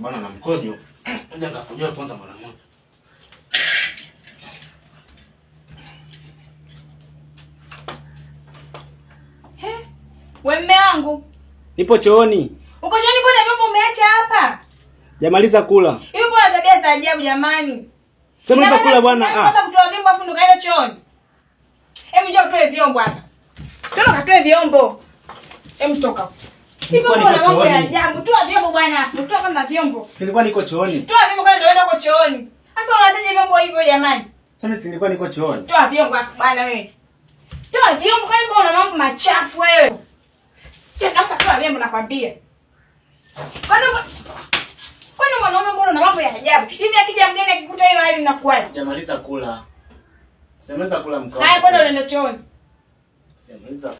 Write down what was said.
maana na mkojo ndio akakojoa kwanza mara moja. We mme wangu, nipo chooni. Uko chooni, mbona vyombo umeacha hapa? Jamaliza kula. Hivi mbona tabia za ajabu jamani? Sema hizo kula bwana. Ah. Nataka kutoa vyombo afu ndo kaenda chooni. Hebu njoo utoe vyombo hapa. Toka katoe vyombo. Hebu toka. Silikuwa niko chooni. Toa vyombo kwanza ndio uende chooni. Sasa unataje vyombo hivyo jamani? Sasa silikuwa niko chooni. Toa vyombo bwana wewe. Toa vyombo kama una mambo machafu wewe. Changamka, toa vyombo nakwambia. Kwani kwani mwanaume mbona una mambo ya ajabu? Hivi akija mgeni akikuta hiyo hali inakuwaje? Sijamaliza kula. Sijamaliza kula mkao. Haya, bwana unaenda chooni. Sijamaliza